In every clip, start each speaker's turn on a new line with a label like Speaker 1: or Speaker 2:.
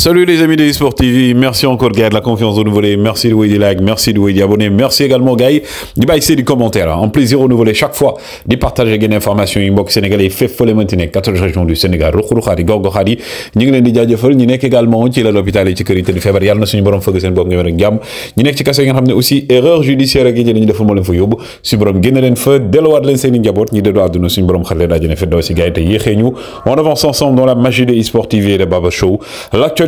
Speaker 1: Salut les amis de Sport TV, merci encore gars de la confiance renouvelée, merci de vous des merci de vous abonner, merci également gars du bail c'est du commentaire, en plaisir renouvelé chaque fois de partager des informations inbox sénégalais fait folle maintenant 14 régions du Sénégal ruxuru xadi gogo xadi ñi ngi leen di également ci la l'hôpital yi ci kër yi tëdd feebar yàlla na suñu borom fëgg seen bopp ngeen en jàmm ñi nekk ci kaso yi nga ne aussi erreur judiciaire ak nous ñu defal moo leen fa yóbbu suñu borom génn leen fa delluwaat leen seen i njaboot ñi dédoo àdduna suñu borom xale leen àjjana fi daw si gars yi te en ñu on avance ensemble dans la magie de Sport TV et de Baba Show l'actualité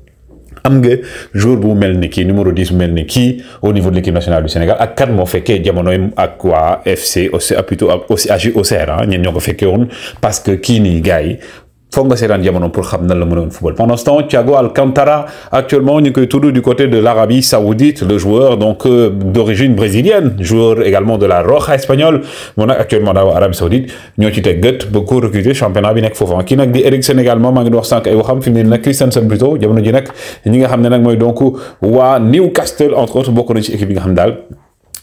Speaker 1: am nga jour bu mel ni kii numéro 10 bu mel ni kii au niveau de l'équipe nationale du Sénégal ak kan moo fekkee jamonoy ak waa FC plutôt ak OCR ah ñeen ñoo ko fekkee woon parce que kii nii gars yi Faut que seetaan jamono pour xam le football pendant ce temps Thiago Alcantara actuellement on ngi koy du côté de l'Arabie Saoudite le joueur donc euh, d'origine brésilienne joueur également de la Roja espagnole On actuellement d'Arabie Saoudite ñoo ci beaucoup recruté, championnat bi nekk faut kii nag di Eriksen également maa 5 wax sànq ay waxam ne Christian Christensen plutôt jamono ji nag ñi nga xam ne nag donc Newcastle entre autres beaucoup na ci équipe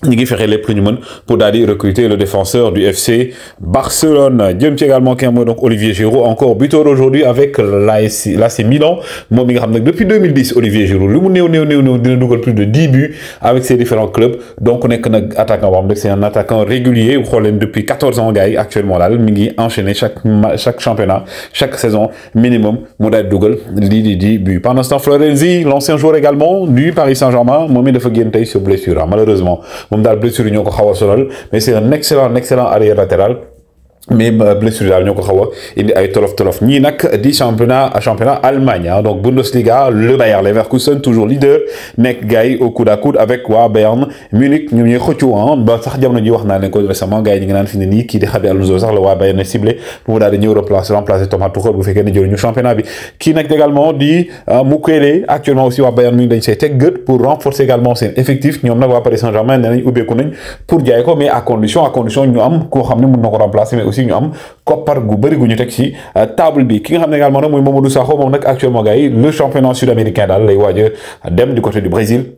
Speaker 1: il ferait fexe pour d'aller recruter le défenseur du FC Barcelone Dieu également qu'un donc Olivier Giroud encore buteur aujourd'hui avec l'AC c'est Milan depuis 2010 Olivier Giroud Le monde plus de 10 buts avec ses différents clubs donc on est attaquant c'est un attaquant régulier ou problème depuis 14 ans gars actuellement là mi chaque chaque championnat chaque saison minimum mu double di 10 buts pendant ce temps Florenzi l'ancien joueur également du Paris Saint-Germain Mo de dafa sur blessure hein. malheureusement moom daal blessure yi ñoo ko xaw a sonal mais c'est un excellent excellent arrière latéral mais euh, blessure daal ñoo ko il a indi ay tolof tolof ñii nak di championnat championnat Allemagne ah. donc Bundesliga le Bayern Leverkusen toujours leader nek gay au coude à coude avec quoi Bayern Munich ñoom ñooy xëccu ah ba sax jamono ji wax a leen récemment gars yi ñu ngi naan fi ne nii kii di Xabi Alonso sax le waa Bayern ciblé pour la daal remplacer remplacer Thomas Tuchel bu faites ne jël ñu championnat bi kii nag également di ah, Mukele actuellement aussi au Bayern Munich dañ see teg pour renforcer également seen effectif on a waa Paris Saint-Germain nee nañ ubbeeku nañ pour dire quoi mais à condition à condition ñu am koo xam ne mën remplacer mais aussi si ñu am koppar gu bari gu ñu teg si euh, table bi ki nga xam ne également nag muy Mamadou Sakho moom nag actuellement gars yi le championnat sud-américain daal lay waaj a dem du côté du Brésil.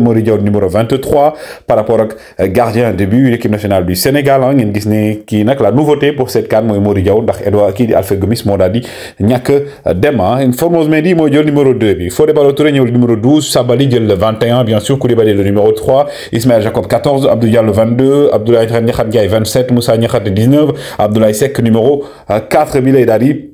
Speaker 1: Moridio numéro 23 par rapport à euh, gardien de but l'équipe nationale du Sénégal ah ngeen qui la nouveauté pour cette CAN mooy Moridiaw ndax Edouard kii di Alfred Gomis moo n'y a que demain. ah Formose Mendy dit numéro 2 bi Fodé ballo numéro 12 Sabali jël le 21 bien sûr Koulibaly le numéro 3 Ismaël Jacob 14 Abdoulaye le 22 Abdoulaye Niakhate 27 Moussa Niakhate 19 Abdoulaye Seck numéro 4 euh, bi d'ali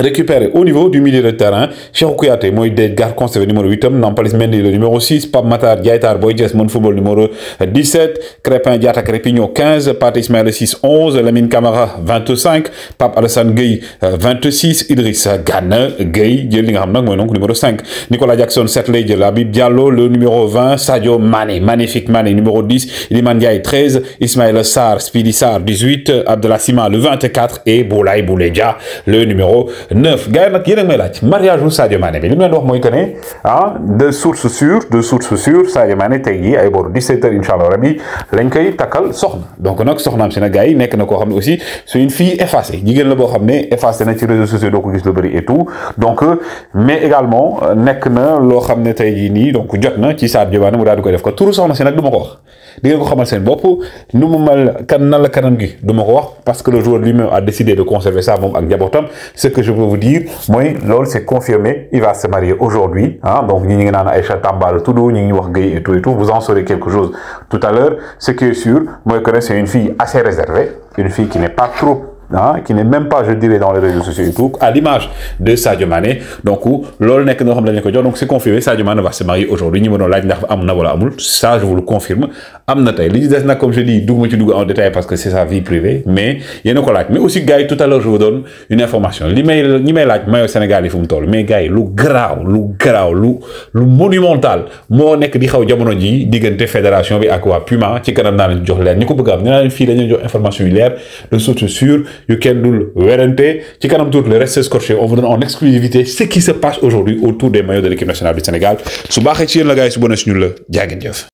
Speaker 1: récupéré au niveau du milieu de terrain Cheikh Kouyaté moy des gardes conservé numéro 8 Nampalis Nampalys Mendy le numéro 6 Pab Matar Diatar Boy Jess Mon Football numéro 17 Crépin Diatta Crépigno 15 Patrice Ismaël 6 11 Lamine Camara 25 Pape Alassane Gueye 26 euh, Idrissa Gane Gueye jël li nga xam nak moy numéro 5 Nicolas Jackson 7 lay jël Habib Diallo le numéro 20 Sadio Mané magnifique Mané numéro 10 Iliman Diaye 13 Ismaël Sar, Spidi Sar 18 Abdelassima Sima le 24 et Boulaye Bouledja le numéro neuf gars nak nag may laaj mariage wu Sadio Mané bi li leen wax moy que ne ah de source sûre de source sûre Sadio Mané tey jii ay booru 17h incha rabbi lañ koy takal soxna donc nak soxna si nag gars yi nekk na ko xamné aussi c'est une fille effacée jigéen la bo xamné effacée na ci réseaux sociaux doo ko gis lu bari et tout donc mais également nek na lo xamné tay tey ni donc jot na ci Sadio Mané mu daal di koy def ko turu soxna si nak duma ko wax di ngeen ko xamal seen bopp nu mu mel kan nan la kanam gi duma ko wax parce que le joueur lui-même a décidé de conserver ça mom ak njabootam ce que je peux vous dire moi, l'OL c'est confirmé il va se marier aujourd'hui hein, donc et tout et tout vous en saurez quelque chose tout à l'heure ce qui est sûr moi je connais c'est une fille assez réservée une fille qui n'est pas trop hein, qui n'est même pas, je dirais, dans les réseaux sociaux et tout, à l'image de Sadio Mané. Donc, l'ol nek no xam lañ ko jox donc c'est confirmé Sadio Mané va se marier aujourd'hui ñu mënon laaj ça je vous le confirme am tay li dess nak comme je dis duguma ci en détail parce que c'est sa vie privée mais yéen ko laaj mais aussi gars tout à l'heure je vous donne une information L'email, may ñi mayo Sénégal il faut toll mais gars le grave, le grave, le lu monumental moo nekk di xaw jamono ji diggante fédération bi ak Puma ci est naa leen jox leer ñi ko bëgg am nee une leen dañu jox information yu de source sûre wear and tear. C'est ci kanam tout le reste scorché on vous donne en exclusivité ce qui se passe aujourd'hui autour des maillots de l'équipe nationale du Sénégal su baaxee ci la gars yi su bonee suñu la